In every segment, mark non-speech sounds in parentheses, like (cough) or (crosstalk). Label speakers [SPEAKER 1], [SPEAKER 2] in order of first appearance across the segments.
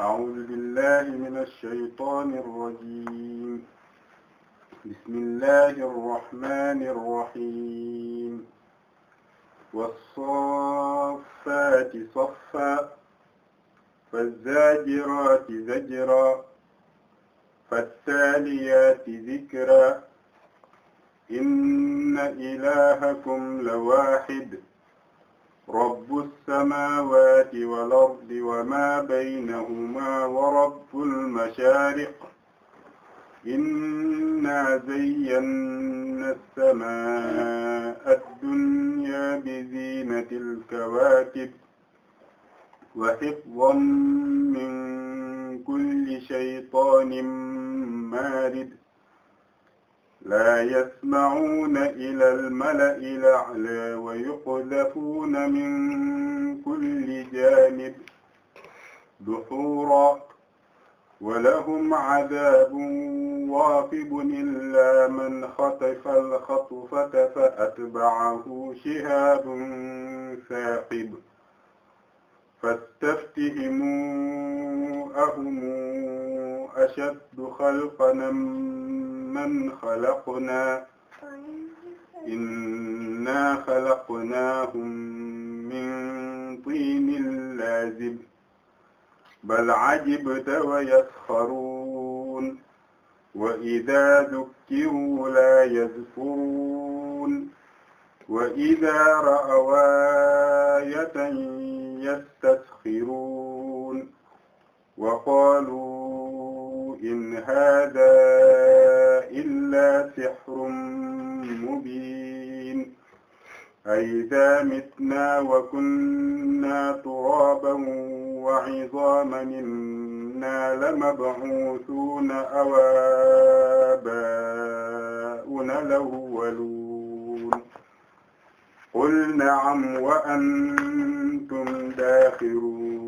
[SPEAKER 1] أعوذ بالله من الشيطان الرجيم بسم الله الرحمن الرحيم والصافات صفا فالزاجرات زجرا فالتاليات ذكرا إن إلهكم لواحد رب السماوات والأرض وما بينهما ورب المشارق إنا زينا السماء الدنيا بزينة الكواكب وحفظا من كل شيطان مارد laa yasma'uuna ilal mala'il a'laa wa yuqdafuuna min kulli jaanib duhuuran wa lahum 'adaabun waatibun illaa man xatafal xatfata fa atba'ahu shihaabun saaqib fastaftihim ahum ashaddu xalqan ممن خلقنا إنا خلقناهم من طين لازب بل عجبت ويسخرون وإذا ذكروا لا يذكرون وإذا رأوا آية يستسخرون وقالوا in hada illa sihrun mubin aida mitna wa kunna turaban wa izaman inna lamab'uthuna aw aba'una lawwalun qul na'am wa antum dakhirun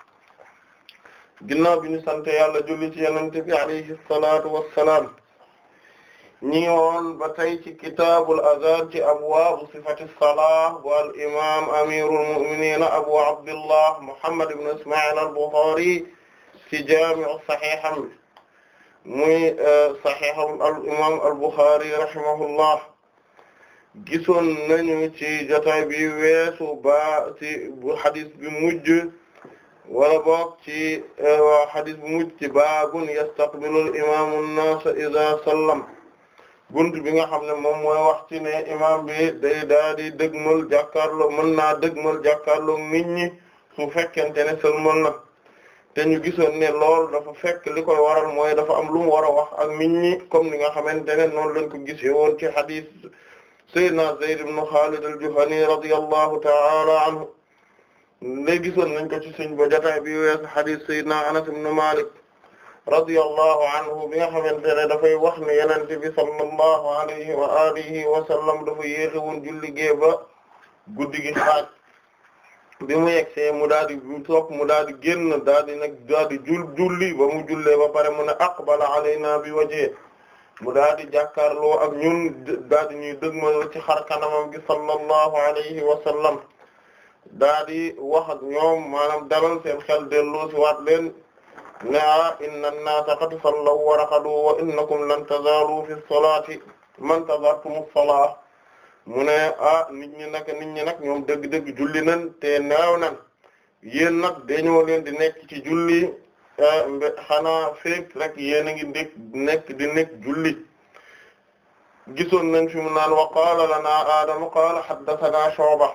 [SPEAKER 2] ginnaaw bi ñu sant yàlla julli ci yenente bi alayhi salaatu wassalaam ñi ngi woon ba tey ci kitaabul azaan ci abwaabu sifati salaah wal imam amirul mu'minin abu abdullah muhammad ibn isma'il al-bukhari ci jaami'u sahiham muy eh, sahiham al imam al-bukhari rahimahullah gisoon nañu ci jotaay bi weesu ba ci hadith bi mujj wala boog ci hadis eh, bu mujj ci baabun yastaqbilul imaamu an-naas idaa sallam bunt bi nga xam ne moom mooy wax ci ne bi day daal di jàkkaarloo mën naa dëgmal jàkkaarloo nit ñi su fekkente ne sëlmal na te ñu gisoon ne loolu dafa fekk li koy waral mooy dafa am lu mu war a wax ak nit ñi comme ni nga xamante ne noonu lañ ko gisee woon ci hadis sayyidina Zayd ibn Khalid al-Juhani radiyallahu ta'ala anhu léegi gisoon nañ ko ci suñ ba jotaay bi weesu hadith sayyidina Anas ibn Malik radiyallahu anhu bi nga dafay wax ne yenente bi sallallahu alayhi wa alihi wa sallam dafa yéexe woon julli gée guddi gi xaaj bi mu yegsee mu daal di toog mu daal di génn daal di nag jul julli ba mu jullee ba pare mu ne aqbala alayna bi wajee mu daal di jàkkaarloo ak ñun daal di ñuy dëgmaloo ci xar kanamam gi sallallahu alayhi wa daa di wax ak ñoom maanaam seen xel delloo si waat ne a ah, inna an-naasa qad sallaw wa raqadu wa innakum lan tazaalu fi salaati man tazartumu salaa mu ne ah nit ñi nag nit ñi nag ñoom dëgg-dëgg julli nan te naaw nan yéen nag dañoo leen di nekk ci julli eh, xanaa féeg rek yéen a ngi nekk di nekk julli gisoon nañ fi mu naan wa qaala lanaa aadamu qaala haddathanaa shu'ba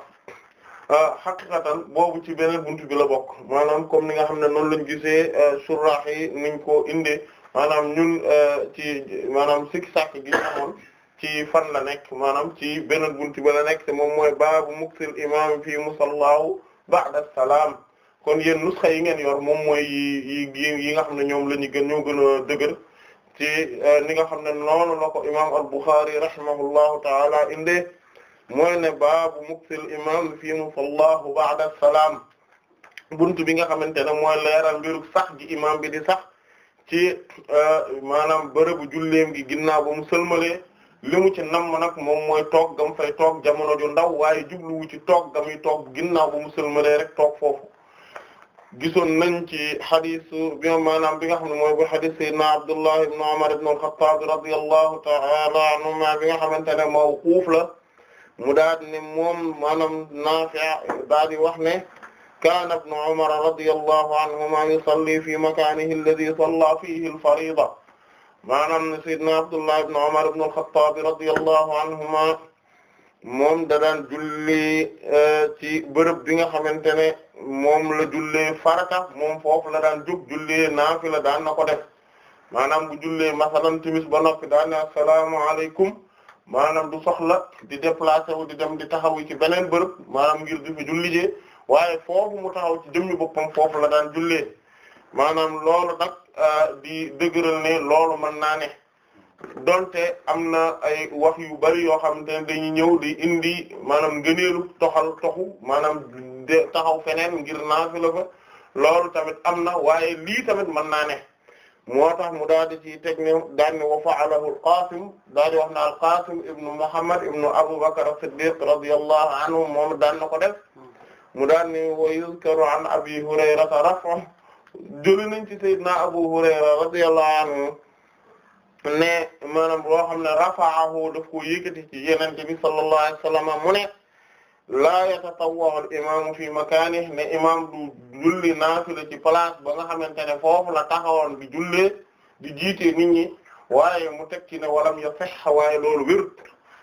[SPEAKER 2] a euh, xaqiqatan boobu ci beneen buntu bi la bokk maanaam kom ni nga xam ne noonu lañ gisee euh, surraax yi niñ ko inde maanaam ñun euh, ci maanaam sikki sàkk gi amoon ci fan la nekk maanaam ci beneen buntu bi la nekk te moom mooy baabu muksil imam fii musallaahu ba'da salaam kon yéen nusxa yi ngeen yor moom mooy yi yi nga xam ne ñoom la ñu gën ñoo gën a dëgër ci ni nga xam ne noonu la ko imam al-Bukhari rahimahullahu taala inde mooy ne baabu muksil imam fii mu sallahu ba'da salaam buntu bi nga xamante ne mooy leeral mbiru sax gi imam bi di sax ci euh, maanaam bërëbu julleem gi ginnaaw ba mu sëlmalee li mu ci namm nag moom mooy toog gam fay toog jamono ju ndaw waaye jubluwu ci toog gam yi toog ginnaaw bu mu sëlmalee rek toog foofu gisoon nañ ci xadisu bi maanaam bi nga xam ne mooy bu xadis sayyidina Abdullah ibn Umar ibn al-Khattab ta'ala anhuma bi nga xamante ne mawquuf la mu daal ne moom maanaam Naafi' daal di wax ne kaana ibnu Umar radiyallahu anhuma yusalli fi makaanihi alladhi salla fihi al-fariida maanaam Seydina Abdullah ibnu Umar ibnu al-Khattaab radiyallahu anhuma moom da julli eh, ci bërëb bi nga xamante ne moom la jullee farata moom foofu la daan jóg jullee naafila daan na ko def maanaam bu jullee masalan timis ba noppi daan ne assalaamu alaykum maanaam du soxla di déplacer wu di dem di taxaw ci beneen bërëb maanaam ngir di fi jullijee waaye foofu mu taxaw ci jëmmi boppam foofu la daan jullee maanaam loolu nag euh, di dëgëral ne loolu mën naa ne donte am na ay wax yu bari yoo xam ne dañuy ñëw di indi maanaam ngëneelu toxal toxu maanaam de taxaw feneen ngir naafi fa loolu tamit am na waaye lii tamit mën naa ne moo tax mu daal di ci teg ne wa fa'alahu al-Qasim daal wax na al-Qasim Muhammad ibnu Abu Bakr as-Siddiq radiyallahu anhu moom daan ko def mu daan ne wa yuzkaru an Abi Hurayra raf'ahu jëli nañ anhu ne maanaam loo xam ne rafa'ahu daf ko ci Yonent bi mu ne laa yatatawwa'u al imaamu fi makaanihi ne imaam du julli naafila ci place ba nga xamante ne foofu la taxawoon di jullee di jiite nit ñi waaye mu teg ci ne walam yasih waaye loolu wér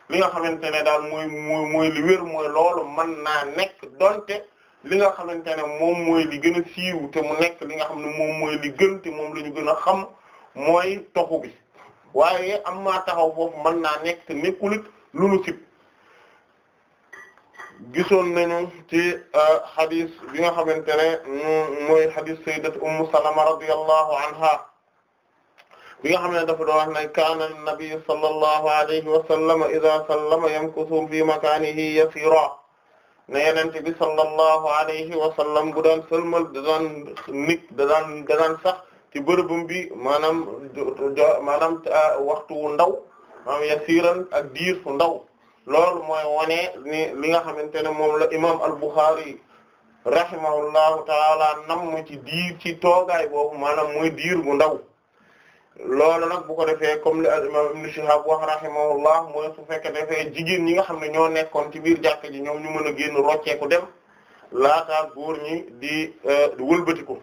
[SPEAKER 2] li nga xamante ne daal mooy mooy li wér mooy loolu mën naa nekk donte li nga xamante ne moom mooy li gën a siiw te mu li nga xam ne moom mooy li moom la ñu gën a xam mooy toxu bi waaye am maa taxaw foofu mën naa nekk te nekkulit lu nu sib gisoon nañu ci hadis euh, bi nga xamante ne mooy hadis sayyidat ummu salama radiyallahu anha bi nga xam ne dafa doon wax ne kaana an-nabi sallallahu alayhi wa sallam idha sallama yamkusu fi makanihi yasira ne yenente bi sallallahu alayhi wa sallam bu daan sëlmal da daan nik da daan da daan sax ci bërëbam bi maanaam maanaam euh, waxtu wu ndaw maanaam yasiran ak diir fu ndaw loolu mooy wone ni li nga xamante ne moom la imam al-Bukhari rahimahullahu taala nam ci diir ci toogaay boobu maanaam muy diir bu ndaw loolu nag bu ko defee comme li al imam ibn Shihab wax rahimahullah mooy su fekkee defee jigéen ñi nga xam ne ñoo nekkoon ci biir jàkk ji ñoom ñu mën a génn rocceeku dem laataa góor ñi di euh, walbatiku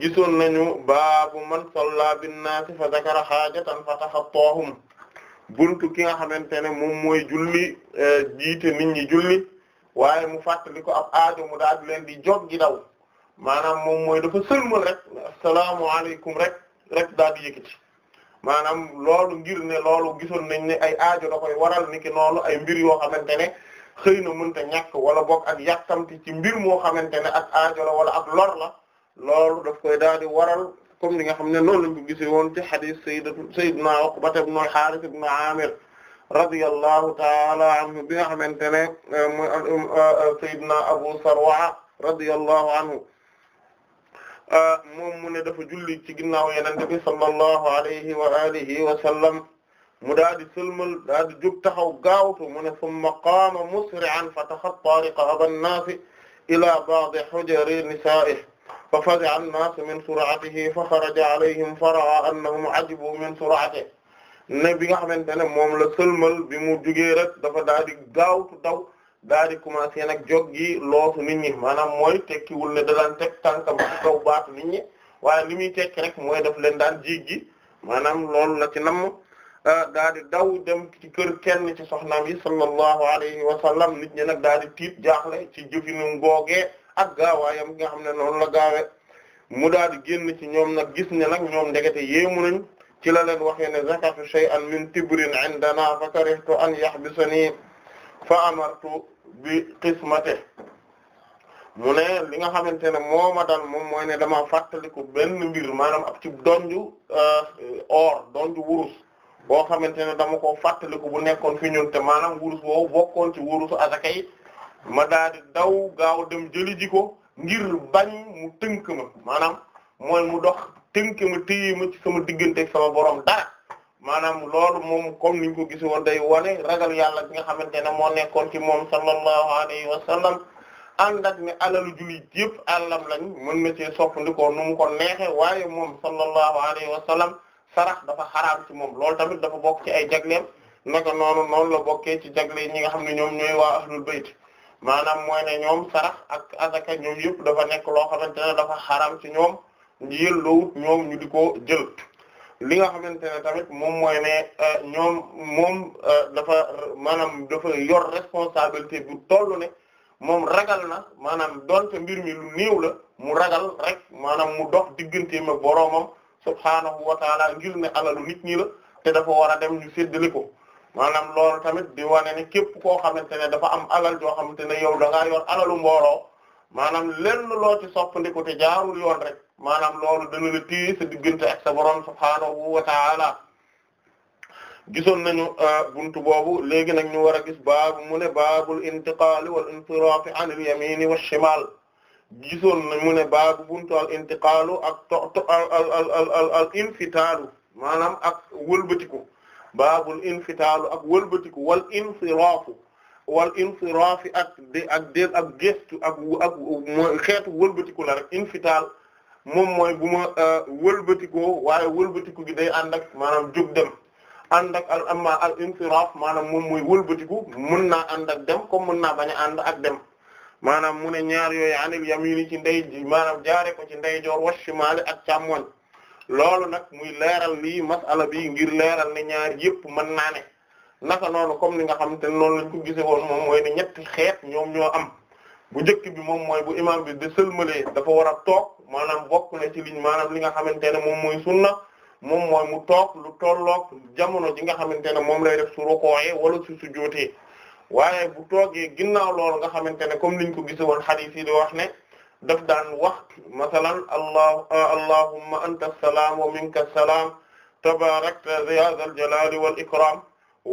[SPEAKER 2] gisoon nañu baabu man salla bin naasi fa zakara haajatan fa taxattahum buntu ki nga xamante ne moom mooy julli eh, jiite nit ñi julli waaye mu fàttali ko ab aajo mu daal di leen di jog gi daw maanaam moom mooy dafa sëlmal rek asalaamaaleykum rek rek daal di yëkkati maanaam loolu ngir ne loolu gisoon nañ ne ay aajo da koy waral niki noonu ay mbir yoo xamante ne xëy na mënta ñàkk wala bok ak yàkkamti ci mbir moo xamante ne ak aajo la wala ak lor la loolu daf koy daal di waral comme li nga xam ne noonu lañ ko gisee woon ci hadith sayyidatu sayyidina Uqbata ibn al-Harith ibn Amir radiyallahu ta'ala anhu bi nga xamante ne euh, mooy euh, euh, sayyidina Abu Sarwa radiyallahu anhu moom mu ne dafa julli ci ginnaaw Yonent bi sallallahu alayhi wa alihi wa sallam mu daal di sëlmal daal di jóg taxaw gaawtu mu ne summa qaama musri'an fa taxatta riqaba an-naasi ila ba'di hujari nisaa'ihi fa fazi'a an-naas min sur'atihi fa kharaja alayhim fa ra'a annahum ajibu min sur'atihi ne bi nga xamante ne moom la sëlmal bi mu jugee rek dafa daal di gaawtu daw daal di commencé nag jog gi loosu nit ñi maanaam mooy tekkiwul ne da daan teg tànkam ci kaw baatu ñi waaye li muy tekki rek mooy daf leen daan jiig gi maanaam loolu la ci namm ah, daal di daw dem ci kër kenn ci soxnaam yi sallallahu alayhi wa sallam nit ñi nag daal di tiit jaaxle ci jëfinu ngoogee ak gaawaayam nga xam ne noonu la gaawe mu daal di génn ci ñoom nag gis ne nag ñoom ndekete yéemu nañ ci la leen waxee ne zakatu shay'an min tibrin indana fa karihtu an yahbisani fa amartu bi qismate mu ne li nga xamante ne moo ma moom mooy ne dama fàttaliku benn mbir maanaam ab ci donju euh, or donju wurus boo xamante ne dama ko fàttaliku bu nekkoon fi ñun te maanaam wurus boobu bokkoon ci wurusu azaka yi ma daadi di daw gaaw dem jëli ji ko ngir bañ mu tënk ma maanaam mooy mu dox tënk ma téye ma ci sama diggante sama borom dara maanaam loolu moom comme niñ ko gis woon day wane ragal yàlla bi nga xamante ne moo nekkoon ci moom sallallahu alayhi wa sallam ànd ak ne alalu jullit yëpp àllam lañ mën na cee soppandikoo ko neexe waaye moom sallallahu alayhi wa sallam sarax dafa xaraam ci moom loolu tamit dafa bokk ci ay jagleem naka noonu noonu la bokkee ci jagle ñi nga xam ne ñoom ñooy waa ahlul bayt maanaam mooy ne ñoom sarax ak azaka ñoom yëpp dafa nekk loo xamante ne dafa xaram ci ñoom ñu yëlloowut ñoom ñu di ko jël li nga xamante ne tamit moom mooy ne euh, ñoom moom euh, dafa maanaam dafa yor responsabilité bu toll ne moom ragal na maanaam donte mbir mi lu néew la mu ragal rek maanaam mu dox digganteem ma boroomam subhaanahu wa taala ngir ne alalu nit ñila te dafa war a dem ñu séddale ko maanaam loolu tamit di wane ne képp koo xamante ne dafa am alal joo xamante ne yow da ngaa yor alalu mbooloo maanaam lenn loo ci soppandiku te jaarul yoon rek maanaam loolu dana la téye sa diggante ak sa borom subhaanahu wa gisoon nañu euh, buntu boobu léegi nag ñu war a gis baabu mu ne baabul intiqaali wal insiraafi anil yamini wa shimal gisoon mu ne baabu buntu al intiqaalu ak infitaalu maanaam ak wëlbatiku baabul infitaalu ak wëlbatiku wal insiraafu wal insiraafi ak de ak del ak gestu ak xeetu wëlbatiku la rek infitaal moom mooy bu ma euh, wëlbatikoo waaye wëlbatiku gi day ànd ak maanaam jóg dem ànd ak al amma al insiraaf maanaam moom muy wëlbatiku mën naa ànd dem ko mën naa bañ a ànd ak dem maanaam mu ne ñaar yooyu anil yamini ci ndey maanaam jaare ko ci ndeyjoor wa shimaali ak càmmoñ loolu nag muy leeral lii masala bi ngir leeral ne ñaar yëpp mën naa ne naka noonu comme ni nga xam te noonu lañ ko gisee woon moom mooy ñetti xeet ñoom ñoo am bu njëkk bi moom mooy bu imaam bi de sëlmalee dafa war a toog maanaam bokk na ci liñ maanaam li nga xamante ne moom mooy sunna moom mooy mu toog lu tolloog jamono ji nga xamante ne moom lay def su rukooyee wala su sujjóotee waaye bu toogee ginnaaw loolu nga xamante ne comme niñ ko gisee woon hadith yi di wax ne daf daan wax masalan allah ah, allahumma anta salaam wa minka salaam tabaarakta ya zal jalaali wal ikram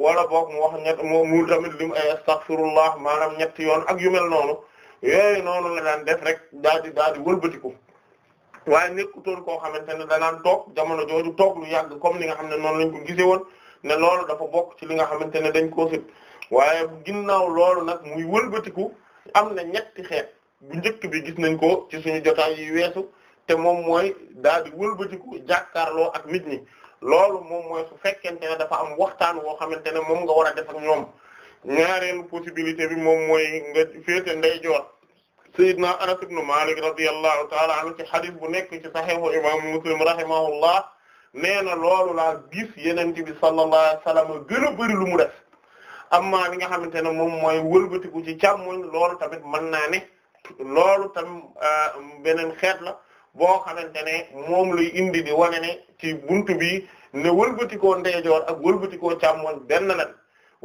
[SPEAKER 2] wala boog mu wax ñett mu tamit lim ay astaghfirullah maanaam ñetti yoon ak yu mel noonu yooyu noonu la daan def rek daal di daal di wëlbatiku waaye nekkutoon koo xamante ne danaan toog jamono jooju toog lu yàgg comme ni nga xam ne noonu lañ ko gisee woon ne loolu dafa bokk ci li nga xamante ne dañ koo waaye ginnaaw loolu nag muy wëlbatiku am na ñetti xeet bu njëkk bi gis nañ ko ci suñu jotaay yi weesu te moom mooy daal di wëlbatiku jàkkaarloo ak nit ñi loolu moom mooy su fekkente ne dafa am waxtaan woo xamante ne moom nga war a def ak moom mooy nga féete ndeyjoor Seydina Anas ibn Malik radiyallahu ta'ala anhu ci hadith bu nekk ci sahihu imam Muslim rahimahullah nee na loolu laa gis yeneen bi sallallahu alayhi wasallam lu mu def amma li nga xamante ne moom mooy wëlbatiku ci càmmoñ loolu tamit mën naa ne loolu tam euh, beneen xeet la boo xamante ne moom luy indi di wane ne ci buntu bi ne wëlbatikoo ndeyjoor ak wëlbatikoo càmmoñ benn lan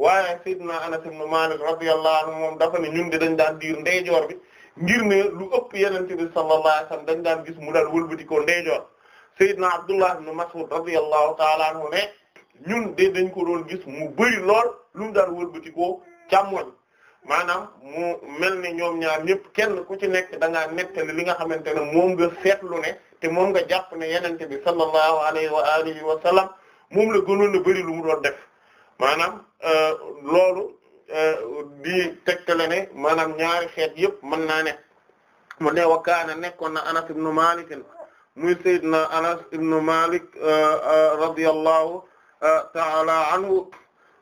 [SPEAKER 2] waaye sayyidina Anas ibn Malik radiyallahu anhu moom dafa ne ñun de dañ daan diir ndeyjoor bi ngir ne lu ëpp yenente bi sallallahu alayhi wasallam dañ daan gis mu daan wëlbatikoo ndeyjoor sayyidina Abdullah ibn Mas'ud radiyallahu ta'ala anhu ne ñun de dañ ko doon gis mu bëri lool lu mu daan wëlbatikoo càmmoñ maanaam mu mel ni ñoom ñaar ñëpp kenn ku ci nekk da ngaa li nga xamante ne moom nga seetlu ne te moom nga jàpp ne yenente bi sallallahu alayhi wa alihi wa sallam moom la gënoon a bëri lu mu doon def maanaam euh, loolu euh, di tegtale ne maanaam ñaari xeet yëpp mën naa ne mu ne wa kaana nekkoon na Anas ibn Malik muy Seydina Anas ibn Malik euh, radiyallahu ta'ala anhu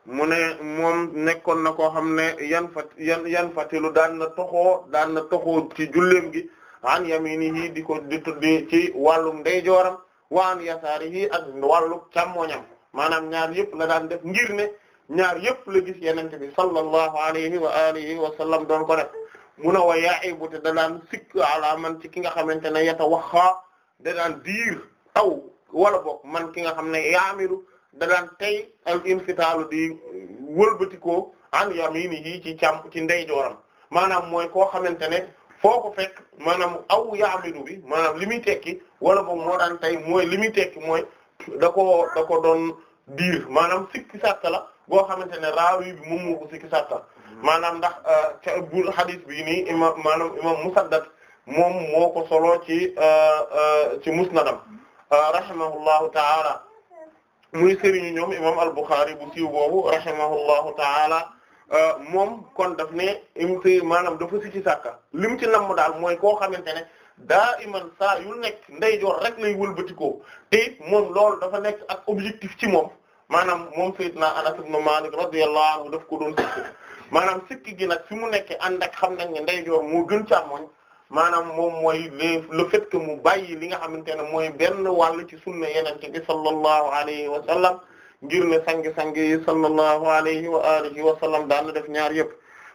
[SPEAKER 2] mu ne moom nekkoon na koo xam ne yan fat yan yan fatilu daan na toxoo daan na toxoo ci julleem gi an yaminihi di ko di tuddi ci wàllum ndeyjooram wa an yasaarihi ak wàllu càmmoñam maanaam ñaar yëpp la daan def ngir ne ñaar yëpp la gis yenente bi sallallahu alayhi wa alihi wa sallam doon ko def mu ne wa yaibu te da daan sikk ala man ci ki nga xamante ne yata waxaa da daan diir aw wala boog man ki nga xam ne yaamiru da tey al infitaalu di wëlbatikoo an yaminihi ci càmm ci ndeyjooram maanaam mooy koo xamante ne foo ko fekk maanaam aw yaamidu bi maanaam li muy tekki wala boog moo tey mooy li muy tekki mooy da ko da ko doon diir maanaam sikki sàkka la boo xamante ne raawi bi moom moo sikki sàkka maanaam ndax euh, ca bu hadith bi nii imam maanaam imam Musaddad moom moo ko solo ci euh, euh, ci musnadam rahimahullahu ta'ala muy sëriñu ñoom imam al-Bukhari bu siiw boobu rahimahullahu taala euh, moom kon daf ne imti maanaam dafa si ci sàkka li mu ci namm daal mooy koo xamante ne daa iman saa yu nekk ndeyjoor rek lay wëlbatikoo te it moom loolu dafa nekk ak objectif ci moom maanaam moom sayyidna Anas ibn Malik radiyallahu anhu def ko doon sikk maanaam sikk gi nag fi mu nekk ànd ak xam nañ ne mu moo gën càmmoñ maanaam moom mooy le fait que mu bàyyi li nga xamante ne mooy benn wàll ci sunna yenente bi sallallahu alayhi wa sallam ngir ne sangi-sang yi sallallahu alayhi wa alihi wa sallam daan def ñaar yëpp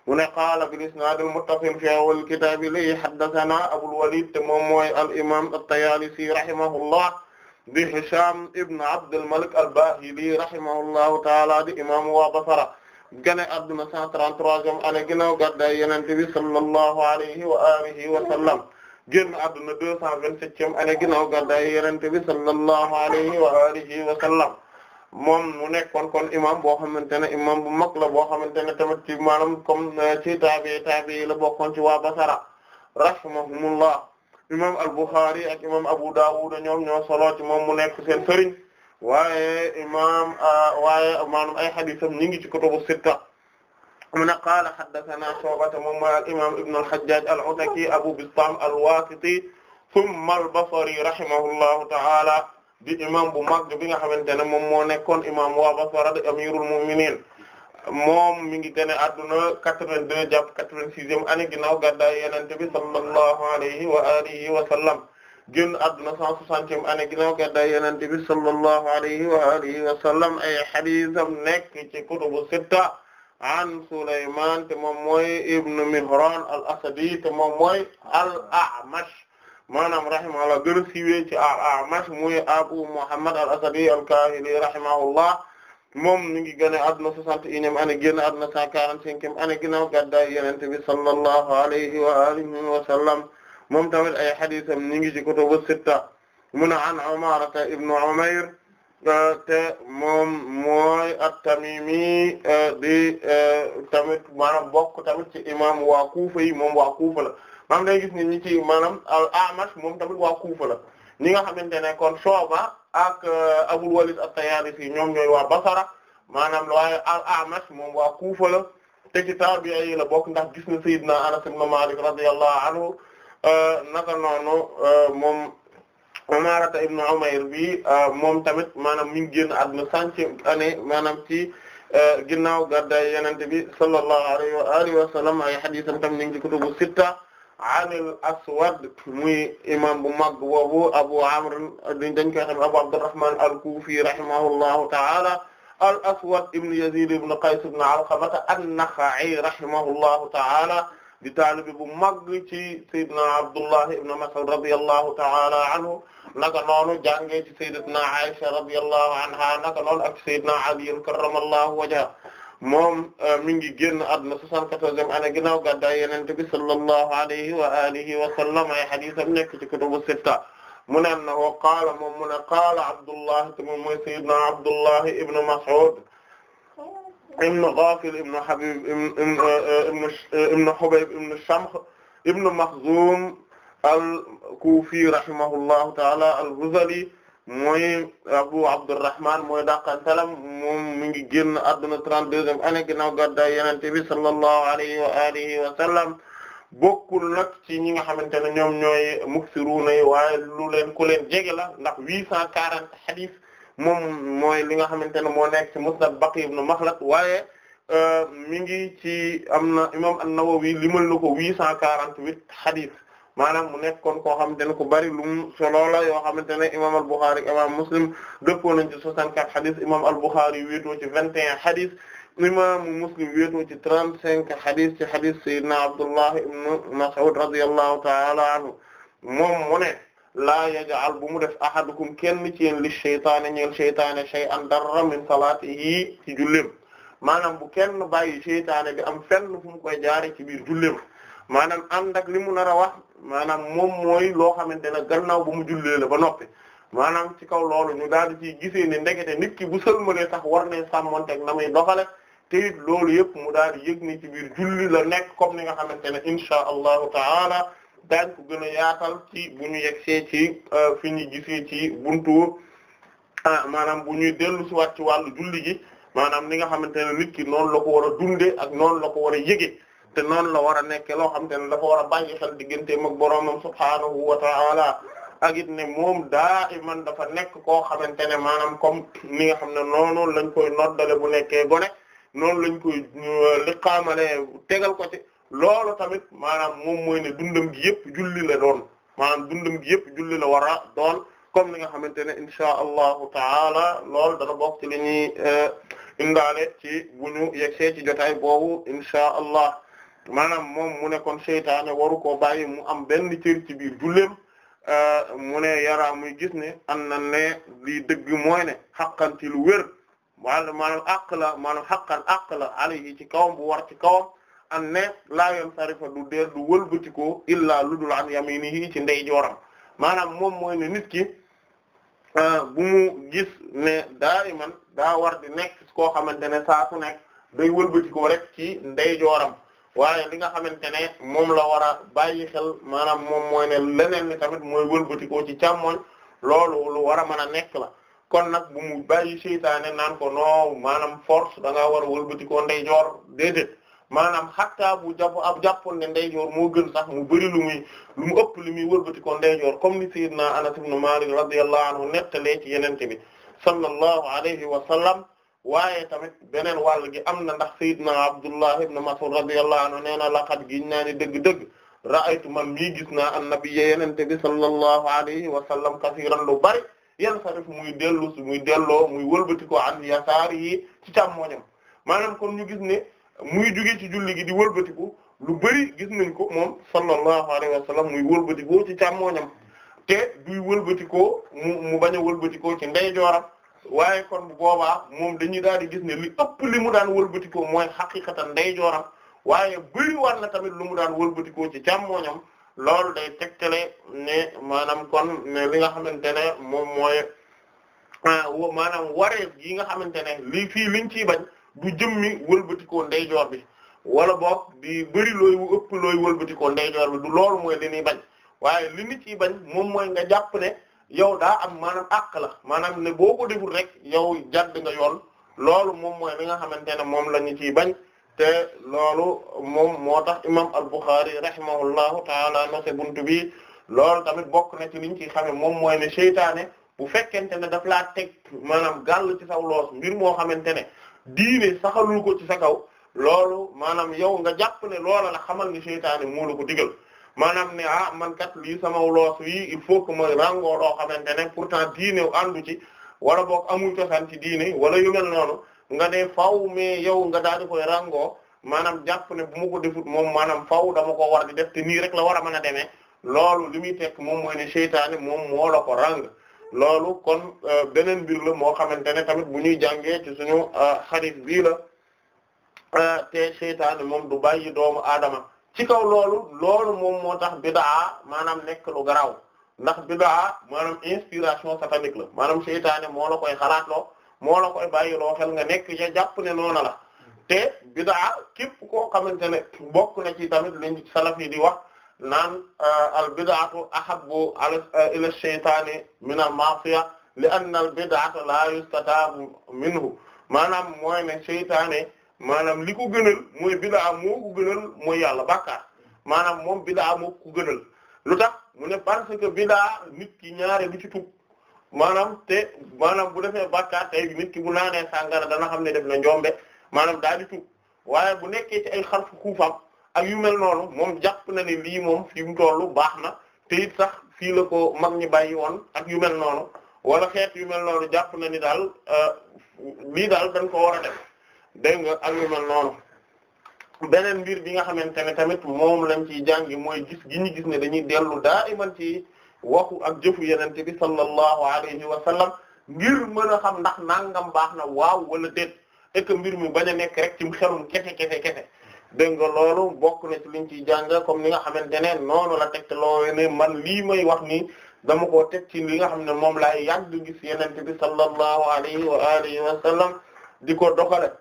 [SPEAKER 2] mu ne qaala bil isnaad al muttasil fi awwal kitaab li haddathana abul walid te moom mooy al imam at-tayaalisi rahimahullah di hisham ibn abd al malik al bahili rahimahullahu taala di imam wa basra gane adduna 133e année ginnaaw gàddaay Yonent bi sallallahu alayhi wa alihi wa sallam génn adduna 227e année ginnaaw gàddaay Yonent bi sallallahu alayhi wa alihi wa sallam moom mu nekkoon kon imam boo xamante ne imam bu mag la boo xamante ne tamit ci maanaam comme euh, ci taabi taabi la bokkoon ci waa Basra rahimahumullah imam al-Bukhari ak imam Abu Dawud ñoom ñoo solo ci moom mu nekk seen sëriñ waaye imaam ah, waaye maanaam ay xadisam ñu ngi ci kutubu sitta mu ne qaala haddasanaa Shu'ba moom mooy al-imaam Ibn al-Hajjaj al-Ataki Abu Bistaam al-Wasiti thumma al-Basri rahimahullahu ta'ala di imaam bu mag bi nga xamante ne moom moo nekkoon imaam waa Basra di amirul mu'minin moom mi ngi gën a adduna 82 jàpp 86e année ginnaaw gàddaay Yonent bi sallallahu alayhi wa alihi wa sallam génn adduna cent soixantième année ginnaaw gàddaay Yonent bi sallallahu alayhi wa alihi wa sallam ay hadiisam nekk ci kutubu sitta an Sulaymaan moom mooy ibnu Mihraan al al-A'mash maanaam rahimahullah gën a siiwee ci al-A'mash muy Abu Muhammad al-Asadi al ngi gën a adduna soixante-unième année génn ginnaaw gàddaay Yonent bi sallallahu alayhi wa alihi moom tamit ay xadisam ñi ngi ci kutubu sitta mun a an Umaarata ibnu Umayr e, te moom mooy at-Tamimi e, e, tamit maanaam bokk tamit ci imam waa Kuufa yi moom waa Kuufa la gis ne ñi ci maanaam al-A'mash moom tamit waa Kuufa la ñi nga xamante ne kon Shu'ba ak Abul Walid at-Tayalisi ñoom ñooy waa Basra maanaam waaye al-A'mash moom waa Kuufa la te ci tabi'i yi la bokk ndax gis na Sayyidina Anas ibn Malik radiyallahu anhu Euh, naka noonu euh, moom Umarata ibn Umayr bi euh, moom tamit maanaam mi ngi génn àdduna centième année maanaam ci ginnaaw gàddaay Yonent bi sallallahu alayhi wa alihi wa sallam ay hadiisam tam ñu ngi ci kutubu sitta anil aswad muy imam bu mag boobu Abu Amr dañ koy xam Abu Abdurrahman al-Kufi rahimahullahu ta'ala al aswad ibn Yazid ibn Qays ibn Alqamata an-Nakha'i rahimahullahu ta'ala di taalibe bu mag ci sayyidina Abdullah ibn Mas'ud radiyallahu ta'ala anhu naka noonu jàngee ci sayyidatuna Aisha radiyallahu anha naka noonu ak sayyidina Ali karramallahu wajhahu moom euh, mi ngi génn àdduna 74e année ginnaaw gàddaay Yonent bi sallallahu alayhi wa alihi wa ay hadiisam nekk ci kutubu sitta mu ne na wa qaala moom mu qaala Abdullah te moom Abdullah ibn Mas'ud ibn Ghafil ibn Habib uh, uh, uh, ibn Hubayb ibn Shamkh ibn Makhzum al-Kufi rahimahullahu ta'ala al-Huzali mooy Abu Abdurrahman mooy daqan salam moom mi ngi génn adduna 32e année ginnaaw gàddaay Yonent bi sallallahu alayhi wa alihi wa sallam bokkul nag ci ñi nga xamante ne ñoom ñooy muksiruna yi waaye lu leen ku leen jege la ndax 840 hadith moom mooy li nga xamante ne moo nekk ci musnad Baqi ibn Makhlad waaye euh, mi ngi ci am na imam an-Nawawi limal na ko huit cent quarante-huit hadith maanaam mu nekk koo xamante ne ku bari lum solo la yoo xamante ne imam al-Bukhari imam Muslim dëppoo nañ ci soixante-quatre hadith imam al-Bukhari wéetoo ci vingt et un hadith imam Muslim wéetoo ci trente-cinq hadith ci hadith Sayyidina Abdullah ibn Mas'ud radiyallahu ta'ala anhu moom mu ne laa yaj'al bu mu def ahadukum kenn ci yéen li shaytaani ñeel shaytaani shay'an darra min salaatihi ci julleem maanaam bu kenn bàyyi shaytaani bi am fenn fu mu koy jaare ci biir julleem maanaam ànd ak li mu nar a wax maanaam moom mooy loo xamante ne gannaaw bu mu jullee la ba noppi maanaam ci kaw loolu ñu daal di ciy gisee ne ndekete nit ki bu sëlmalee sax war ne sàmmonteeg na muy doxale te loolu yëpp mu daal di yëg ne ci biir julli la nekk comme ni nga xamante ne insha allahu taala daañ ko gën a yaatal ci bu ñu yegsee ci euh, fi ñu gisee ci buntu ah, maanaam bu ñuy dellu si waat ci wàllu julli gi maanaam ni nga xamante ne nit ki noonu la ko war a ak noonu la ko war a yëge te noonu la war a nekke loo xam ne dafa war a bàyyi xel digganteem ak boroomam subhaanahu wa ta'ala ne moom daa i man dafa nekk koo xamante ne maanaam kom ni nga xam ne noonu lañ koy noddale bu nekkee gone noonu lañ koy euh, liqaamale tegal ko ci loolu tamit maanaam moom mooy ne dundam gi yëpp julli la doon maanaam dundam gi yëpp julli la war dool comme ni nga xamante ne insha allahu taala loolu dana bokk ci li ñuy eh, indaale ci bu ñu yegsee ci jotaay boobu insha allah maanaam moom mu ne kon seytaane waru koo bàyyi mu am benn cër ci biir julleem eh, mu ne yaraa muy gis ne an na ne lii dëgg mooy ne xaqan ci lu wér wala maanaam àq la maanaam xaqan alayhi ci kawam bu war ci kawam an ne laa yansarifa du deel du wëlbatikoo illaa lu dul an yaminihi ci ndey jooram maanaam moom mooy ne nit ki euh, bu mu gis ne daiman daa war di nekk koo xamante ne saa su nekk day wëlbatikoo rek ci ndeyjooram jooram waaye li nga xamante ne moom la war a bàyyi xel maanaam moom mooy ne leneen ni tamit mooy wëlbatikoo ci càmmoñ loolu lu war a mën a nekk la kon nag bu mu bàyyi seytaane naan ko non maanaam force da ngaa war a wëlbatikoo ndey joor déedéet maanaam xattaa bu jàpp ab jàppoon ne ndeyjoor moo gën sax mu bëri lu muy lu mu ëpp lu muy wëlbati ko ndeyjoor comme ni sayyidina Anas ibn Malik radiyallahu anhu nettalee ci yenente bi sallallahu alayhi wa sallam waaye tamit beneen wàll gi am na ndax sayyidina Abdullah ibn Mas'ud radiyallahu anhu nee na laqad giñ naa ni dëgg-dëgg ra'aytu man mii gis naa annabiyya yenente bi sallallahu alayhi wa sallam kasiran lu bari yan sa def muy dellu muy delloo muy wëlbati ko an yasaar yi ci càmmooñam maanaam kon ñu muy jóge ci julli gi di wëlbatiku lu bari gis nañ ko moom sallallahu alayhi wa muy wëlbatikoo ci càmmooñam te duy wëlbatikoo mu mu bañ a wëlbatikoo ci ndeyjooram waaye kon bu boobaa moom dañuy daal di gis ne li ëpp li mu daan wëlbatikoo mooy xaqiqatan ndeyjooram waaye bëri war na tamit lu mu daan wëlbatikoo ci càmmooñam loolu day tegtale ne maanaam kon ne li nga xamante ne moom mooy ah, maanaam wareef yi nga xamante ne lii fii liñ ciy bañ bu jëmmi wëlbatikoo ndeyjoor bi wala boog di bëri looy ëpp looy wëlbatikoo ndeyjoor bi du loolu mooy li ñuy bañ waaye li nit yi bañ moom mooy nga jàpp ne yow daa am maanaam àq la maanaam ne boo ko deful rek yow jàdd nga yoon loolu moom mooy li nga xamante ne moom la ñu bañ te loolu moom moo tax imam al-Bukhari rahimahullahu taala nose bunt bi loolu tamit bokk na ci liñ ci xame moom mooy ne seytaane bu fekkente ne daf laa teg maanaam gàll ci saw lool mbir moo xamante ne diine saxalul ko ci sa kaw loolu maanaam yow nga jàpp ne loola la xamal ni seytaane moo la ko digal maanaam ne ah man kat lii sama loos wi il faut ko ma ràngoo loo xamante ne pourtant diine àndu ci wala boog amul cosaan ci diine wala yu mel nga ne faaw mais yow nga daal di koy ràngoo maanaam jàpp ne bu ma ko defut moom maanaam faaw dama ko war di def te nii rek la war a mën a demee loolu li muy tekk moom mooy ne seytaane moom moo la ko rang loolu kon euh, beneen mbir la moo xamante ne tamit bu ñuy jàngee ci suñu euh, xarit bii la euh, te seytaane moom du bàyyi doomu aadama ci kaw loolu loolu moom moo tax a maanaam nekk lu garaaw ndax bidaa maanaam inspiration satanique la maanaam seytaane moo la koy xalaatloo moo la koy bàyyi loo xel nga nekk ya jàpp ne noona la te bidaa képp koo xamante ne bokk na ci tamit liñ salaf yi di wax naan euh, al bid'atu ahabbu euh, ila shaytaani min al ma'siya li anna al la yustatabu minhu maanaam mooy ne shaytaane maanaam li ko gënal mooy bid'a moo ko gënal mooy yàlla bàkkaar maanaam moom bid'a moo ko gënal lu tax mu ne parce que bid'a nit ki ñaare du ci maanaam te maanaam bu defee bàkkaar tey nit ki bu naanee sàngara dana xam ne def na njombe maanaam daa waaye bu nekkee ci ay xarfu xuufam a yu mel noonu moom jàpp na ni lii moom fi mu tollu baax na te sax fii la ko mag ñi bàyyi woon ak yu mel noonu wala xeet yu mel noonu jàpp na ni daal euh, lii daal dañ ko war a def dégg nga ak yu noonu beneen mbir bi nga xamante ne tamit moom lañ ciy jàngi mooy gis gi ñu gis ne dañuy dellu daa iman ci waxu ak jëfu yenente bi sallallahu alayhi wa sallam ngir mën a xam ndax nangam baax na waaw wala déet et mbir mi bañ a nekk rek ci xelum kese kese kese dégg nga loolu bokk na ci liñ ciy jàngal comme ni nga xamante ne noon la teg te loolu ne man lii may wax ni dama ko teg ci li nga xam ne moom laay yàgg di gis yeneen bi sallallahu alayhi wa alihi wa sallam di ko doxale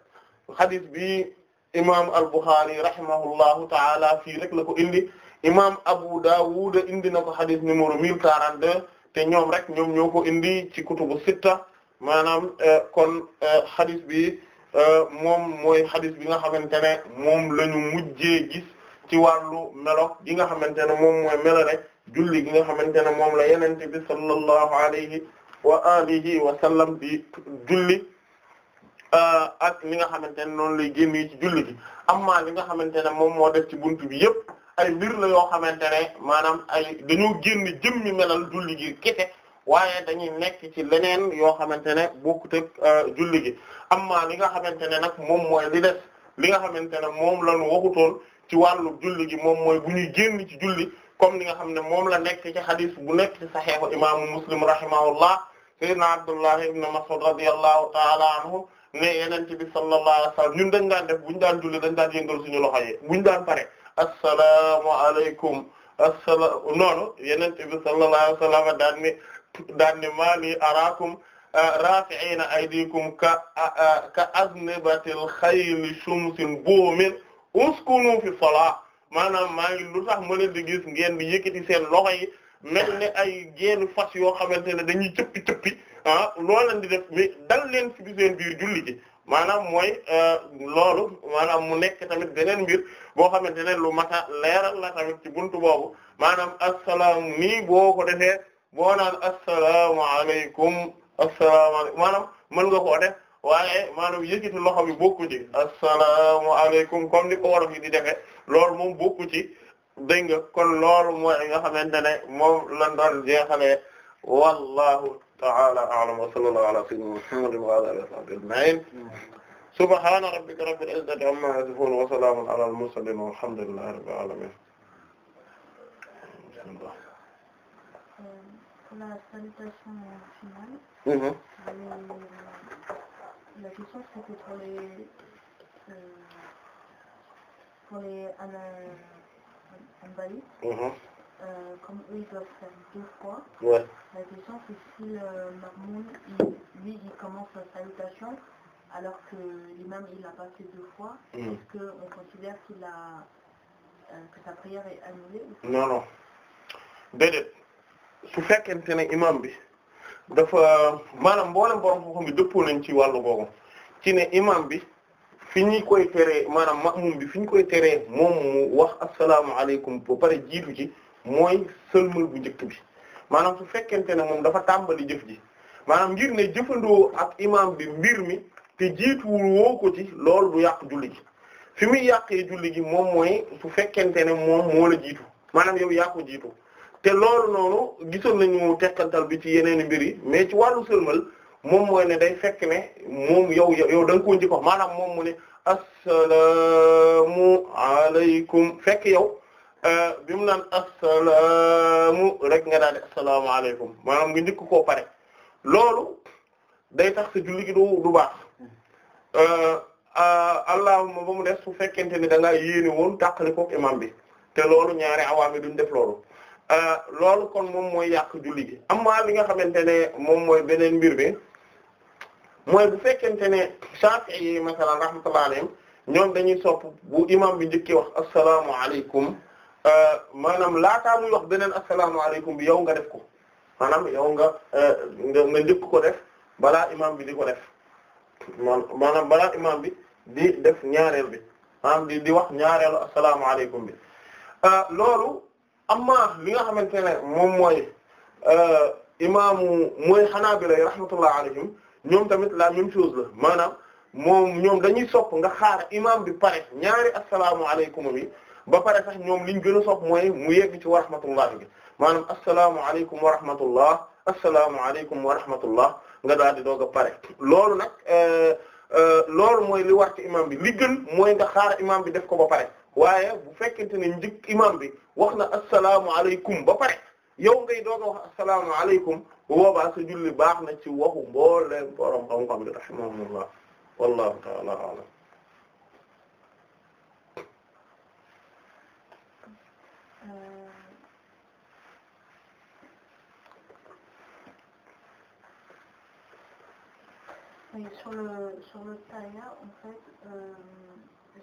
[SPEAKER 2] hadith bi imam al-Bukhari rahimahullahu taala fii rek la ko indi imam Abu Dawud indi na ko hadith numéro 1042 te ñoom rek ñoom ñoo ko indi ci kutubu sitta maanaam eh, kon xadis eh, bi. Euh, moom mooy xadis bi nga xamante ne moom la ñu mujje gis ci wàllu melo gi nga xamante ne moom mooy melo rek julli gi nga xamante ne moom la yenente bi sallallahu alayhi wa alihi wa sallam bi julli euh, ak li nga xamante ne noonu lay génnee ci julli gi amma li nga xamante ne moom moo def ci buntu bi yëpp ay mbir la yoo xamante ne maanaam ay dañoo génn jëmmi melal julli gi kete waaye dañuy nekk ci leneen yoo xamante ne bokkut ak euh, julli gi amma li nga xamante ne nag moom mooy li des li nga xamante ne moom la ñu waxutoon ci wàllu julli gi moom mooy bu ñuy génn ci julli comme li nga xam ne moom la nekk ci hadith bu nekk ci saxiixu imaamu muslim rahimahullah sayyidina abdullah ibn mas'ud radiyallahu ta'ala anhu ne yenente bi sallallahu alayhi wasallam dañ daan def buñu daan julli dañ daan yëngal suñu loxo yi bu buñu daan pare assalaamu alaykum assalam noonu yenente bi sallallahu alayhi wasallam ni daan ne maali araakum rafi'ina aydikum ka ka aznabatil xayli shumsin buumin uskunu fi salaa maanaam maa ngi lu tax ma leen di gis ngeen di yëkkati seen loxo yi mel ne ay génn fas yoo xamante ne dañuy cëppi cëppi ah loo leen di def mais dal leen fi seen biir julli ji maanaam mooy loolu maanaam mu nekk tamit beneen mbir boo xamante ne lu mata leeral la tamit ci buntu boobu maanaam asalaam nii boo ko defee. boo naan asalaamaaleykum asalaamaaleykum maanaam mën nga koo def waaye maanaam yëkkati loxo bi bokku ci asalaamaaleykum comme ni ko yi di defee loolu moom bokku ci dégg nga kon loolu mooy nga xamante ne moom lañ doon jeexalee wallahu ta'ala a'lam wa sallallahu ala sayyidina Muhammadin wa ala alihi wa sahbihi ala al mursalin walhamdulillahi
[SPEAKER 1] rabbil alamin
[SPEAKER 3] la salutation finale. Et la question c'était pour les euh, pour les invalides. Mm-hmm. Euh, comme eux ils doivent faire deux fois. Ouais. La question c'est si le mamoun il, lui il commence la salutation eh, alors que l'imam il l'a pas fait deux fois. Mm. Est-ce que on considère qu'il a euh, que sa prière est annulée ou pas?
[SPEAKER 2] Non non. Déedéet. su fekkente ne imam bi dafa maanaam mboolem borom xam-xam bi dëppoo nañ ci wàllu googu ci ne imam bi fi ñu koy teree maanaam ma'mum bi fi ñu koy teree moom mu wax asalaamaaleykum ba pare jiitu ci mooy sëlmal bu njëkk bi maanaam su fekkente ne moom dafa tàmbali jëf ji maanaam ngir ne jëfandoo ak imam bi mbir mi te jiituwul woo ko ci loolu du yàq julli gi fi muy yàqee julli gi moom mooy su fekkente ne moom moo la jiitu maanaam yow yaa ko jiitu te loolu noonu gisoon nañu tekkantal bi ci yeneen mbir yi mais ci wàllu sëlmal moom mooy ne day fekk ne moom yow yow da nga ko njëkk wax maanaam moom mu ne assalaamu aleykum fekk yow euh, bi mu naan assalaamu rek nga daal di assalaamu aleykum maanaam nga njëkk koo pare loolu day tax sa julli gi du baax euh, euh, allahumma ba mu def su fekkente ni da ngaa yéene woon tàqali kook imam bi te loolu ñaari awaami duñ def loolu Euh, loolu kon moom mooy yàq julli gi amma li nga xamante ne moom mooy beneen mbir bi mooy bu fekkente ne Shafi'i yi masalan rahmatullahi ñoom dañuy sopp bu imam bi njëkkee wax assalaamu alaykum euh, maanaam laataa muy wax beneen assalaamu alaykum bi yow nga def ko maanaam yow nga euh, nga nga njëkk ko def balaa imam bi di ko def maanaam balaa imam bi di def ñaareel bi maanaam di di wax ñaareelu assalaamu alaykum bi loolu amma li nga xamante ne moom mooy euh, imaamu mooy Hanaabila rahmatullah alayhim ñoom tamit la même chose la maanaam moom ñoom dañuy sopp nga xaar imaam bi pare ñaari asalaamualeykum bi ba pare sax ñoom liñ gën a sopp mooy mu yegg ci wa rahmatullah bi maanaam asalaamualeykum wa rahmatullah asalaamualeykum wa rahmatullah nga daal di doog a pare loolu nag euh, euh, loolu mooy li war ci imaam bi li gën mooy nga xaar imaam bi def ko ba pare waaye bu fekkente ni njëkk imam bi wax na asalaamualeykum ba pare yow ngay doog a wax asalaamualeykum bu boobaa sa julli baax na ci waxu mbooleem borom xam-xam bi rahimahumullah wallahu ta'ala a'lam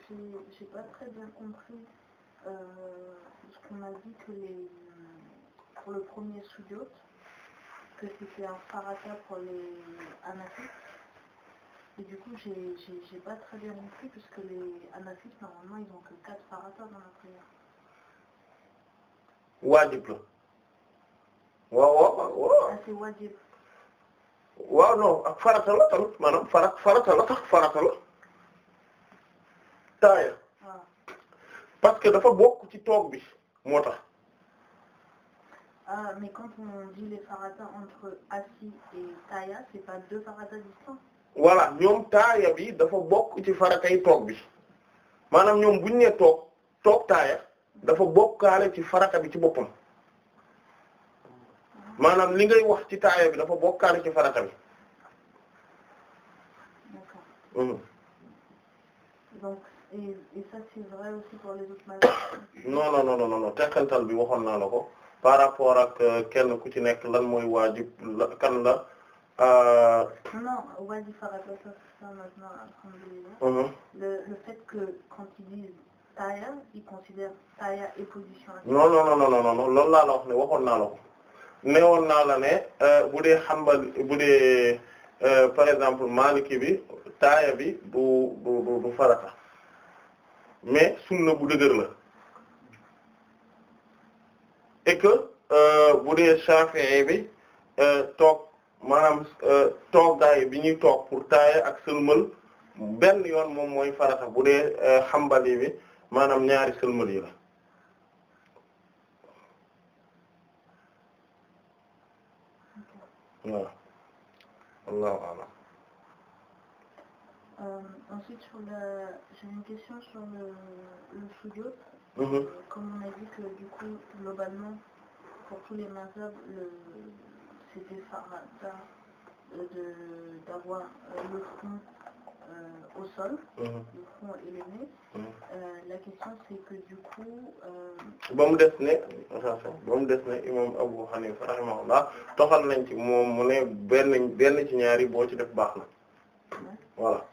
[SPEAKER 3] puis j'ai pas très bien compris euh, parce qu'on a dit que les, pour le premier studio, que c'était un farata pour les anafites. Et du coup, j'ai pas très bien compris parce que les anafites, normalement, ils ont que 4 faratas dans la prière.
[SPEAKER 2] Wajib la. waaw waaw waaw. ah c'est wajib. waaw non farata la tamit maanaam farata la tax farata la. taaya ah. parce que dafa bokk ci toog bi moo tax.
[SPEAKER 3] ah mais quand
[SPEAKER 2] on ñoom taaya bi dafa bokk ci faratay toog bi maanaam ñoom buñ ne toog toog taaya dafa bokkaale ci farata bi ci boppam maanaam li ngay wax ci taaya bi dafa bokkaale ci farata bi.
[SPEAKER 3] et et ça c'est vrai (coughs)
[SPEAKER 2] bi waxoon naa la ko par rapport ak euh, kenn ku ci nekk lan mooy waajib la kan la. Euh,
[SPEAKER 3] non waajib farata ça ça maintenant alhamdulillah. Mhm. le le fait que quand ils disent taaya ils considèrent taaya position. non
[SPEAKER 2] non non non non non loolu laa la wax ne waxoon naa la ko neewoon naa la ne euh, bu dee xambal par exemple maliki bi taaya bi du du farata. mais sunna bu dëgër la et euh, bu dee Shafi'i bi euh, toog maanaam euh, toogaay bi ñuy toog pour taaye ak sëlmal benn yoon moom mooy farata bu dee xambali bi maanaam ñaari sëlmal yi la
[SPEAKER 1] waaw allahu a'lam
[SPEAKER 3] Euh, ensuite, sur la... j'ai mhm. euh, Comme on a dit que du coup, globalement, pour tous les mazhab, le... c'était euh, euh, au sol, mm -hmm. le front mhm. la question c'est
[SPEAKER 2] que ba mu des ba mu des imam Abu Hanifa rahimahullah toxal nañ ci moom mu ne benn benn ci ñaari boo def baax na voilà.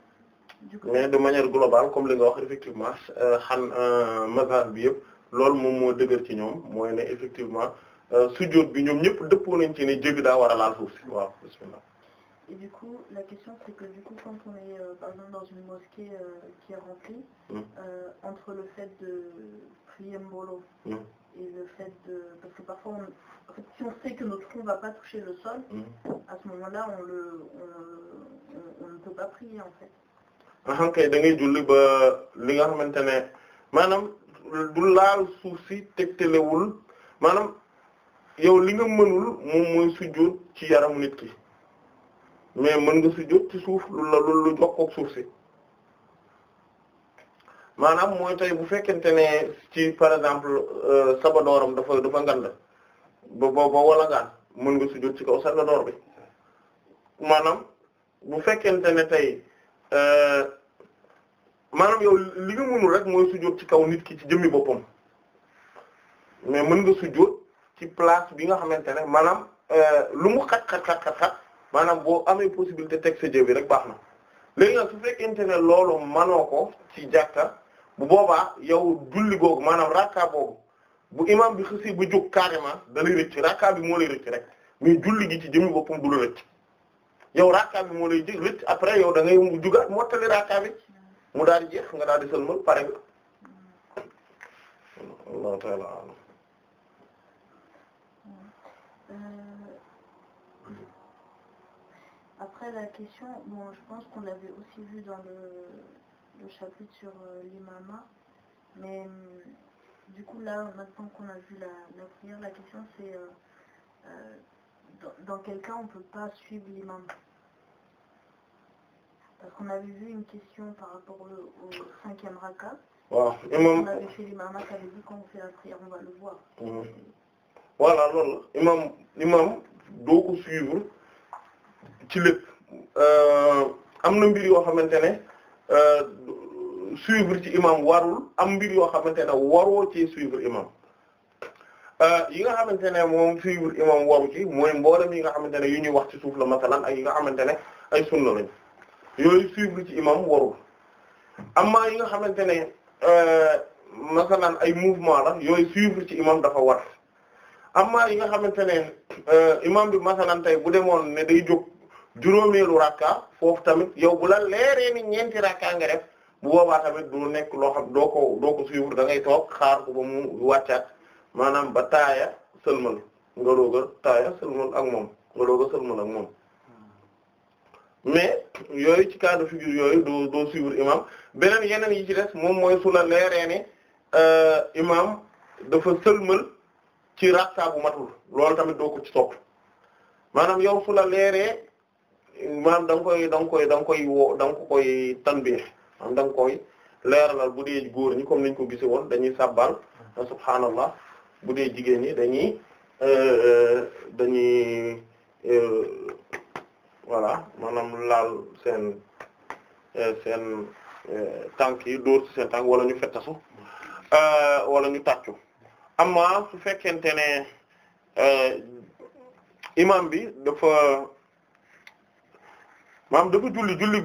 [SPEAKER 2] mais de manière globale comme li nga wax effectivement euh, xan euh, mazhab bi yëpp loolu moom moo dëgër ci ñoom mooy ne effectivement euh, sujjóot bi ñoom ñëpp dëppoo nañ ci ni jéggi daa war a laal suuf si waaw bismillah
[SPEAKER 3] Et du coup, la question c'est que du coup, quand est par exemple dans une mosquée qui est remplie, hmm. entre le fait de prier mbolo hmm. et le fait de... parfois, on... si on sait que notre front va pas toucher le sol, hmm. à ce moment-là, on ne peut pas prier en fait.
[SPEAKER 2] xam kay da ngay julli ba li nga xamante ne maanaam du laal suuf si tegtelewul maanaam yow li nga mënul moom mooy sujjóot ci yaram nit ki mais mën nga sujjóot ci suuf lu la lu lu jokkoog suuf si maanaam mooy tey bu fekkente ne ci par exemple euh, sabadooram dafa dafa ngand ba ba ba wala ngaan mën nga sujjóot ci kaw sabadoor bi maanaam bu fekkente ne tey Euh, maanaam yow li nga mënul rek mooy sujjóot ci kaw nit ki ci jëmmi boppam mais mën nga sujjóot ci place bi nga xamante ne maanaam euh, lu mu xat xat xat maanaam boo amee possibilité teg sa jëw bi rek baax na léegi nag su fekkente ne loolu manoo ko ci jàkka bu boobaa yow julli googu maanaam rakka boobu bu imam bi xësi bu jóg carrément da lay rëcc rakka bi moo lay rëcc rek mais julli gi ci jëmmi boppam du la rëcc yow rakka bi moo lay jëg rëcc après yow da ngay jugaat rakka bi mu daal di jeex nga daal di pare nga Allah ta'ala euh,
[SPEAKER 3] Après la question, je pense qu'on l'avait aussi vu dans le, le sur euh, l'imama, mais euh, du coup là, maintenant qu'on a vu la, la la question c'est dans, dans quel cas on ne peut pas suivre l'imam Parce qu'on avait vu une question par rapport au, cinquième raka.
[SPEAKER 1] waaw imam on
[SPEAKER 3] avait
[SPEAKER 2] mhm. voilà loolu la imam imam doo suivre ci lépp euh, am na mbir yoo xamante ne euh, suivre ci imam warul am mbir yoo xamante ne waroo ci suivre imam yi nga xamante ne moom fiivre imam waru ci mooy mboolem yi nga xamante ne yu ñuy wax ci suuf la masalan nga xamante ne ay sunna lañ yooyu fiivre ci imam warul amma yi nga xamante ne euh, masalan ay mouvement la yooyu suivre ci imam dafa war amma yi nga xamante ne euh, imam bi masalan tey bu demoon ne day jóg juróomeelu rakka foofu tamit yow bu la leeree ni ñeenti rakka nga def bu boobaa tamit du nekk loo xam doo ko doo ko suivre dangay toog xaar ko ba mu wàccaat maanaam ba taaya sëlmal nga doog taaya sëlmal ak moom nga doog a sëlmal ak moom mais yooyu ci cas de figure yooyu doo doo suivre beneen yeneen yi ci des moom mooy su leeree ne euh, imam dafa sëlmal ci rakka bu matul loolu tamit doo ci topp maanaam yow su la leeree maanaam koy da nga koy da nga koy woo da nga ko koy tanbih bu dee góor ñi comme niñ ko gise woon dañuy sabbal subhaanallah bu dee jigéen ñi dañuy euh, euh, dañuy euh, voilà maanaam laal seen seen tànk yi dóor ci seen tànk wala ñu fettasu wala ñu tàccu amma su fekkente ne imam bi dafa maanaam dafa julli julli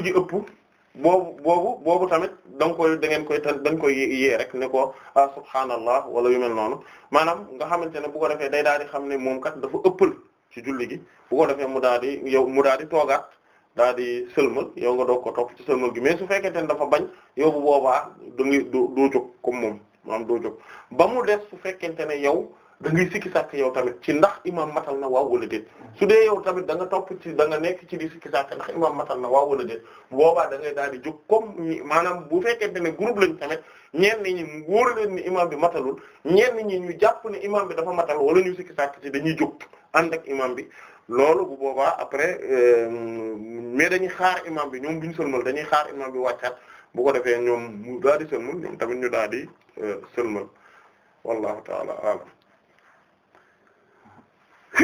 [SPEAKER 2] bu ëpp boobu boobu boobu tamit da koy da ngeen koy da nga koy yee rek ne ko ah subhaanallah wala yu mel noonu maanaam nga xamante ne bu ko defee day daal di xam ne moom kat dafa ëppal ci julli gi bu ko defee mu daal di yow mu daal di toogaat daal di sëlmal yow nga doog ko topp ci sëlmal gi mais su fekkee ne dafa bañ yow bu boobaa da ngay doo doo jóg comme moom doo jóg ba mu def su fekkente ne yow dangay ngay sikki yow tamit ci ndax imam matal na waaw wala déet su dee yow tamit danga topp ci da nga nekk ci di sikki sàkk ndax imam matal na waaw wala déet boobaa da ngay daal di jóg comme maanaam bu fekkente ne groupe lañ tamit ñenn ñi mu wóor leen ni imam bi matalul ñenn ñi ñu jàpp ne imam bi dafa matal wala ñu sikki sàkk ci dañuy jóg ànd ak imam bi loolu bu boobaa après euh, mais dañuy xaar imam bi ñoom bu ñu sëlmal dañuy xaar imam bi wàccaat bu ko defee ñoom mu daal di sëlmal ñoom tamit ñu daal di euh, sëlmal wallahu ta'ala a'lam man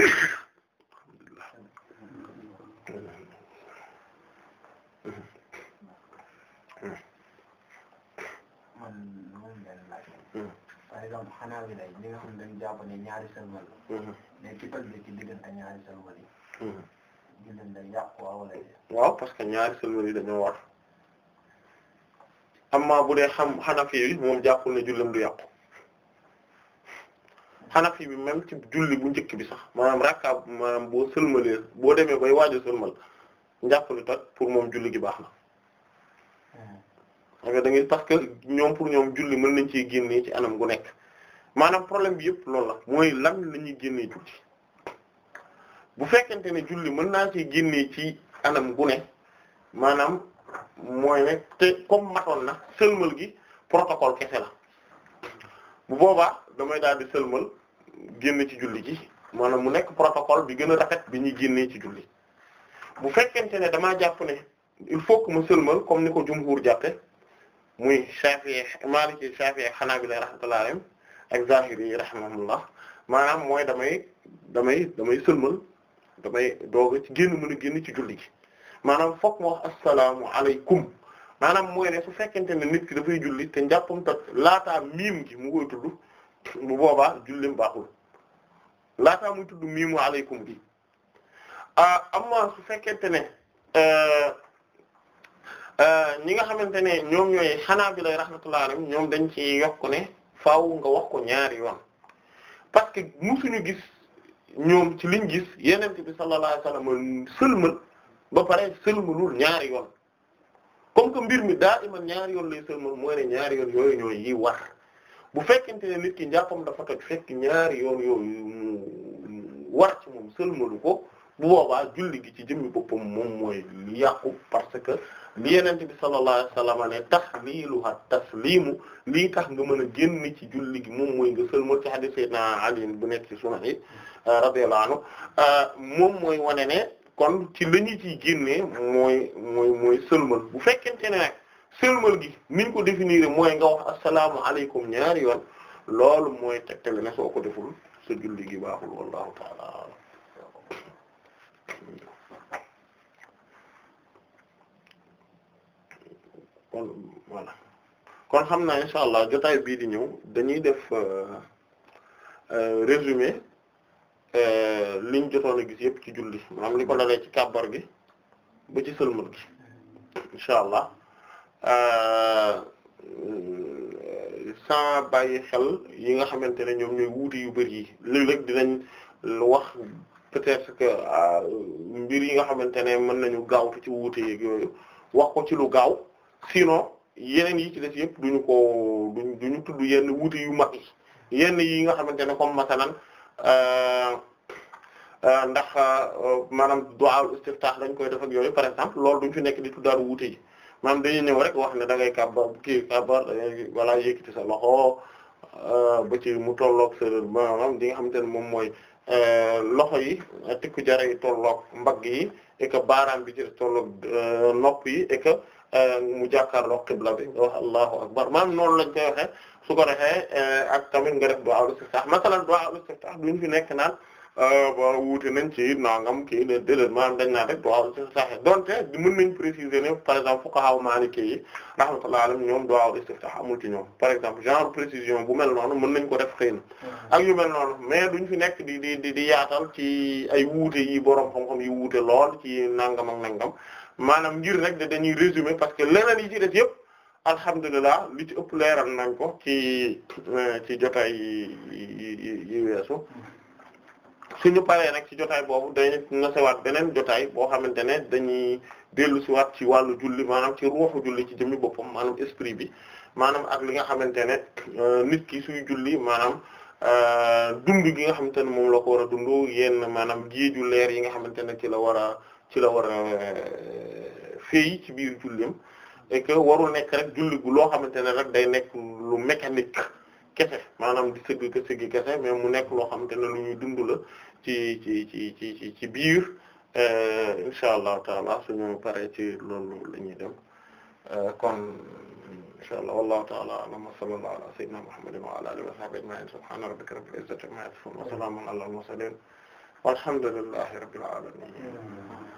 [SPEAKER 1] moom lañ laaj.
[SPEAKER 2] par exemple xanaa bi lay ñi nga xam ne dañu jàpp ne ñaari sëlmal la. mais ki toj bi ci diggante waaw wala waaw parce que ñaari sëlmal yi dañoo war. amma bu dee xam Hanafi yi moom jàppul ne jullam du yàqu. Hanafi bi même ci julli bu njëkk bi sax maanaam rakka maanaam boo sëlmalee boo demee koy waajo sëlmal njàpp lu toj pour moom julli gi baax na hmm. aga da ngay parce que ñoom pour ñoom julli mën nañ ciy génnee ci anam gu nekk maanaam problème bi yëpp loolu la mooy lan la ñuy génnee julli bu fekkente ne julli mën naa ciy génnee ci anam gu ne maanaam mooy ne te comme matoon na sëlmal gi protocole kese la bu boobaa damay daal di sëlmal génn ci julli gi maanaam mu nekk protocole bi gën a rafet bi ñuy génnee ci julli bu fekkente ne damaa jàpp ne il faut que ma sëlmal comme ni ko jumhur jàppe muy Shafi'i Maliki Shafi'i Hanabila rahmatullahi alayhim ak Zahiri rahimahullah maanaam mooy damay damay damay sëlmal damay doog ci génn mu a génn ci julli gi maanaam fokk ma wax assalaamu alaykum maanaam mooy ne su fekkente ne nit ki dafay julli te njàppam toj laataa miim gi mu koy tudd bu boobaa jullim baaxul laataa muy tudd miimu aleykum gi ah, amma su fekkente ne eh, eh, ñi nga xamante ne ñoom ñooy xanaa bi lay rahmatullah alayhim ñoom dañ ci yokk ne faaw nga wax ko ñaari yoon parce que suñu gis ñoom ci liñ gis yeneen bi sallallahu alayhi wasallam ba pare sëlmalul ñaari yoon comme que mbir mi daa iman ñaari yoon lay sëlmal mooy ne ñaari yoon yooyu ñooy yi war bu fekkente ne nit ki njàppam dafa toj fekk ñaari yoon yooyu mu war ci moom sëlmalu ko bu boobaa julli gi ci jëmmi boppam moom mooy yàqu parce que li yenente bi sallallahu alayhi wasallam ne tahliluha taslimu lii tax nga mën a génn ci julli gi moom mooy nga sëlmal ci hadith sayyidina Ali bu nekk ci sunan yi radiyallahu anhu moom mooy wane ne kon ci la ci génne génnee mooy mooy sëlmal bu fekkente ne nag sëlmal gi niñ ko définir mooy nga wax assalaamu alaykum ñaari yoon loolu mooy tegtale ne soo ko deful sa julli gi baaxul wallahu kon xam naa insha allah jotaay bii di ñëw dañuy def euh, euh, résumé Euh, liñ jotoon a gis yëpp ci julli maanaam li ko hmm. dalee ci kàbbar gi ba ci sëlmal gi hmm. incha allah euh, sans bàyyi xel yi nga xamante ne ñoom ñooy wuute yu bëri yi léeg-léeg dinañ wax peut-être que euh, mbir yi nga xamante ne mën nañu gaawtu ci wuute yeeg yooyu wax ko ci lu gaaw sinon yeneen yi ci def yëpp duñu ko duñu duñu tudd yenn wuute yu mag yi yenn yi nga xamante ne comme masalan Euh, euh, ndax euh, maanaam du'a istiftah lañ koy def ak yooyu par exemple loolu duñ fi nekk di tuddaal wuute yi maanaam dañuy ñëw rek wax ne da ka kàbbar kii kàbbar da ngay voilà yëkkati sa loxo ba ci mu tolloog sa maanaam li nga xamante ne moom mooy loxo yi tikku jara yi tolloog mbagg yi et que baaraam bi ci tolloog nopp yi et Euh, mu jàkkaarloo qibla bi nga wax allahu akbar maanaam noonu lañ koy waxee su ko defee euh, ak tamit nga def du'a al-istiftah masalan du'a al-istiftah fi nekk naan euh, ba wuute nañ ci nangam kii ne déedéet maanaam dañ naan rek du'a al-istiftah donte mën nañ préciser ne par exemple fuqaha maliki yi rahmatullahi alayhim ñoom du'a al-istiftah amul ci ñoom par exemple genre précision bu mel noonu mën nañ ko def xëy na mm-hmm. ak yu mel noonu mais duñ fi nekk di di di di yaatal ci ay wuute yi borom xam-xam yi wuute lool ci nangam ak nangam maanaam ngir rek de dañuy résumer parce que leneen yi ci def yëpp alhamdulilah li ci ëpp leeral nañ ko ci euh, ci jotaay yi suñu paree nag ci jotaay boobu dañu nasewaat beneen jotaay boo xamante ne dañuy dellu waat ci wàllu julli maanaam ci ruuxu julli ci jëmmi boppam maanaam esprit bi maanaam ak li nga xamante ne euh, nit ki suy julli maanaam euh, dund gi nga xamante ne moom la ko war a dund yenn maanaam géeju leer yi nga xamante ne ci la war a ci la war a euh, feey ci biir julleem et que warul nekk rek julli gu loo xamante ne rek day nekk lu mécanique kese maanaam di sëgg ke sëgg mais mu nekk loo xamante ne lu ñuy dund la ci ci ci ci ci biir euh, insha allahu su suñu paree ci loolu la ñuy dem euh, kon insha allah wallahu taala alam wa sallallahu ala sayyidina wa ala alihi wa sahbihi ajma'in subhana rabbika rabbil izzati amma yasifun wa salamun ala al mursalin walhamdulillahi rabbil